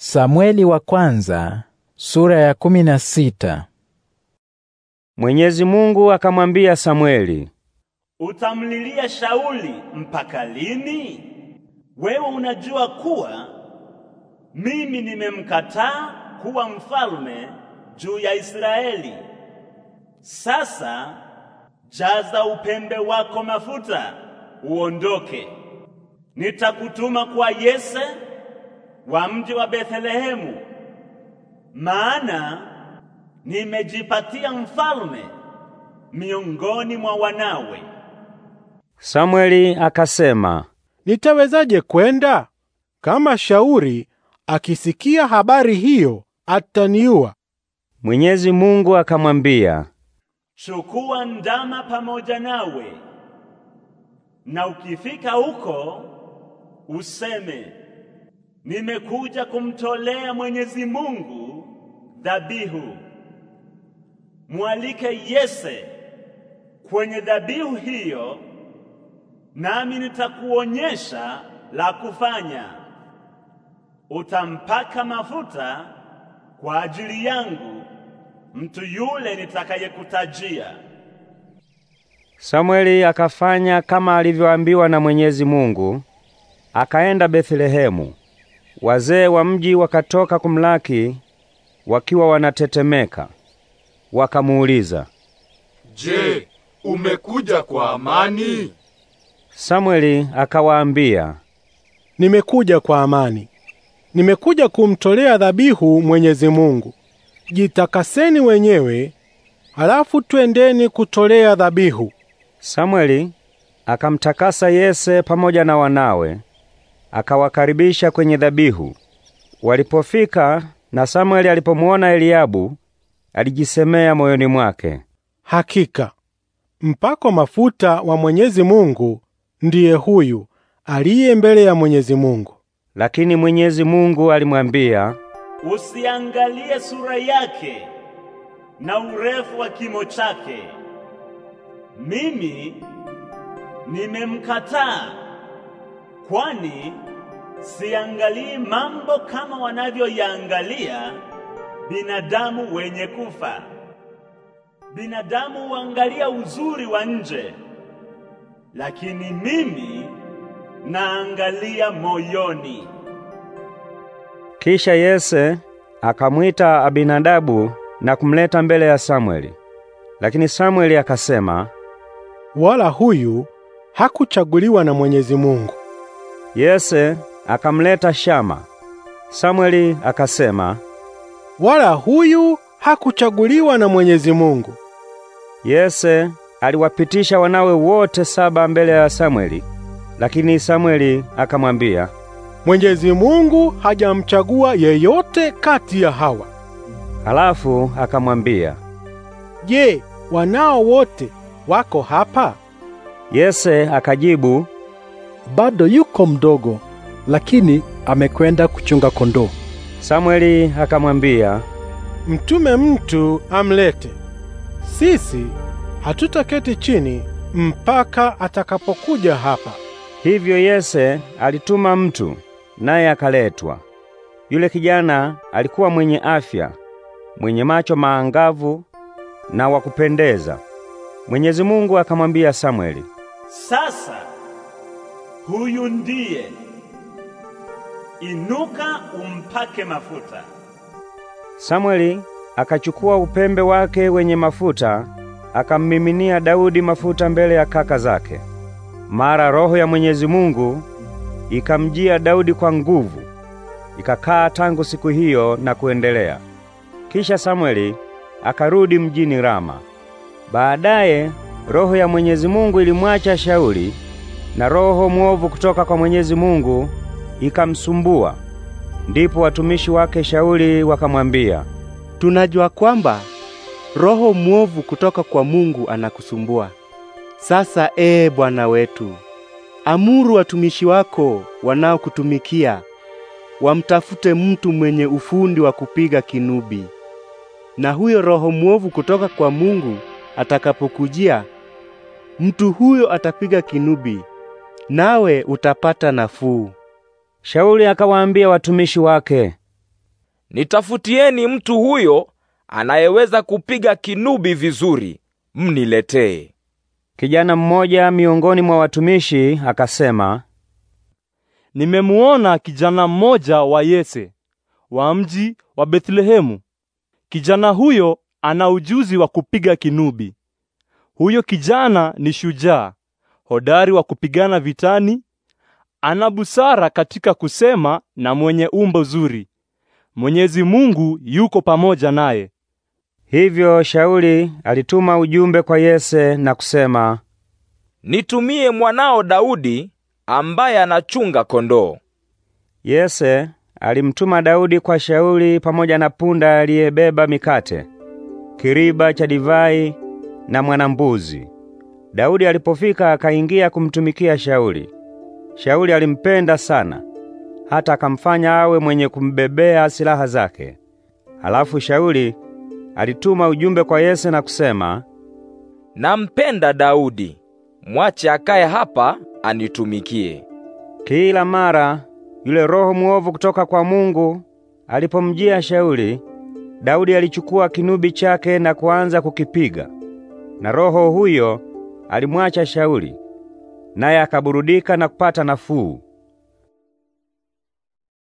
Samweli wa kwanza, sura ya kumi na sita. Mwenyezi Mungu akamwambia Samweli, utamlilia Shauli mpaka lini? Wewe unajua kuwa mimi nimemkataa kuwa mfalme juu ya Israeli. Sasa jaza upembe wako mafuta uondoke. Nitakutuma kwa Yese wa mji wa Bethlehemu, maana nimejipatia mfalme miongoni mwa wanawe. Samweli akasema, nitawezaje kwenda? Kama shauri akisikia habari hiyo ataniua. Mwenyezi Mungu akamwambia, chukua ndama pamoja nawe, na ukifika huko useme nimekuja kumtolea Mwenyezi Mungu dhabihu. Mwalike Yese kwenye dhabihu hiyo, nami nitakuonyesha la kufanya. Utampaka mafuta kwa ajili yangu mtu yule nitakayekutajia. Samweli akafanya kama alivyoambiwa na Mwenyezi Mungu, akaenda Bethlehemu. Wazee wa mji wakatoka kumlaki wakiwa wanatetemeka. Wakamuuliza, "Je, umekuja kwa amani?" Samweli akawaambia, "Nimekuja kwa amani. Nimekuja kumtolea dhabihu Mwenyezi Mungu. Jitakaseni wenyewe, halafu twendeni kutolea dhabihu." Samweli akamtakasa Yese pamoja na wanawe akawakaribisha kwenye dhabihu. Walipofika na Samueli alipomuona Eliabu, alijisemea moyoni mwake, hakika mpako mafuta wa Mwenyezi Mungu ndiye huyu aliye mbele ya Mwenyezi Mungu. Lakini Mwenyezi Mungu alimwambia, usiangalie sura yake na urefu wa kimo chake, mimi nimemkataa kwani siangalii mambo kama wanavyoyaangalia binadamu wenye kufa. Binadamu huangalia uzuri wa nje, lakini mimi naangalia moyoni. Kisha Yese akamwita Abinadabu na kumleta mbele ya Samweli. Lakini Samweli akasema, wala huyu hakuchaguliwa na Mwenyezi Mungu Yese akamleta Shama. Samweli akasema, wala huyu hakuchaguliwa na Mwenyezi Mungu. Yese aliwapitisha wanawe wote saba mbele ya Samweli, lakini Samweli akamwambia, Mwenyezi Mungu hajamchagua yeyote kati ya hawa. Halafu akamwambia, Je, wanao wote wako hapa? Yese akajibu, bado yuko mdogo, lakini amekwenda kuchunga kondoo. Samueli akamwambia, mtume mtu amlete. Sisi hatutaketi chini mpaka atakapokuja hapa. Hivyo Yese alituma mtu, naye akaletwa. Yule kijana alikuwa mwenye afya, mwenye macho maangavu na wa kupendeza. Mwenyezi Mungu akamwambia Samweli, sasa huyu ndiye. Inuka umpake mafuta. Samweli akachukua upembe wake wenye mafuta akammiminia Daudi mafuta mbele ya kaka zake. Mara roho ya Mwenyezi Mungu ikamjia Daudi kwa nguvu, ikakaa tangu siku hiyo na kuendelea. Kisha Samweli akarudi mjini Rama. Baadaye roho ya Mwenyezi Mungu ilimwacha Shauli na roho mwovu kutoka kwa Mwenyezi Mungu ikamsumbua. Ndipo watumishi wake Shauli wakamwambia, tunajua kwamba roho mwovu kutoka kwa Mungu anakusumbua. Sasa ee Bwana wetu, amuru watumishi wako wanaokutumikia wamtafute mtu mwenye ufundi wa kupiga kinubi, na huyo roho mwovu kutoka kwa Mungu atakapokujia, mtu huyo atapiga kinubi nawe utapata nafuu. Shauli akawaambia watumishi wake, nitafutieni mtu huyo anayeweza kupiga kinubi vizuri, mniletee. Kijana mmoja miongoni mwa watumishi akasema, nimemuona kijana mmoja wa Yese wa mji wa Bethlehemu. Kijana huyo ana ujuzi wa kupiga kinubi. Huyo kijana ni shujaa hodari wa kupigana vitani, ana busara katika kusema na mwenye umbo zuri. Mwenyezi Mungu yuko pamoja naye. Hivyo Shauli alituma ujumbe kwa Yese na kusema, nitumie mwanao Daudi ambaye anachunga kondoo. Yese alimtuma Daudi kwa Shauli pamoja na punda aliyebeba mikate, kiriba cha divai na mwanambuzi. Daudi alipofika akaingia kumtumikia Shauli. Shauli alimpenda sana, hata akamfanya awe mwenye kumbebea silaha zake. Halafu Shauli alituma ujumbe kwa Yese na kusema, nampenda Daudi, mwache akaye hapa anitumikie. Kila mara yule roho muovu kutoka kwa Mungu alipomjia Shauli, Daudi alichukua kinubi chake na kuanza kukipiga, na roho huyo alimwacha Shauli, naye akaburudika na kupata nafuu.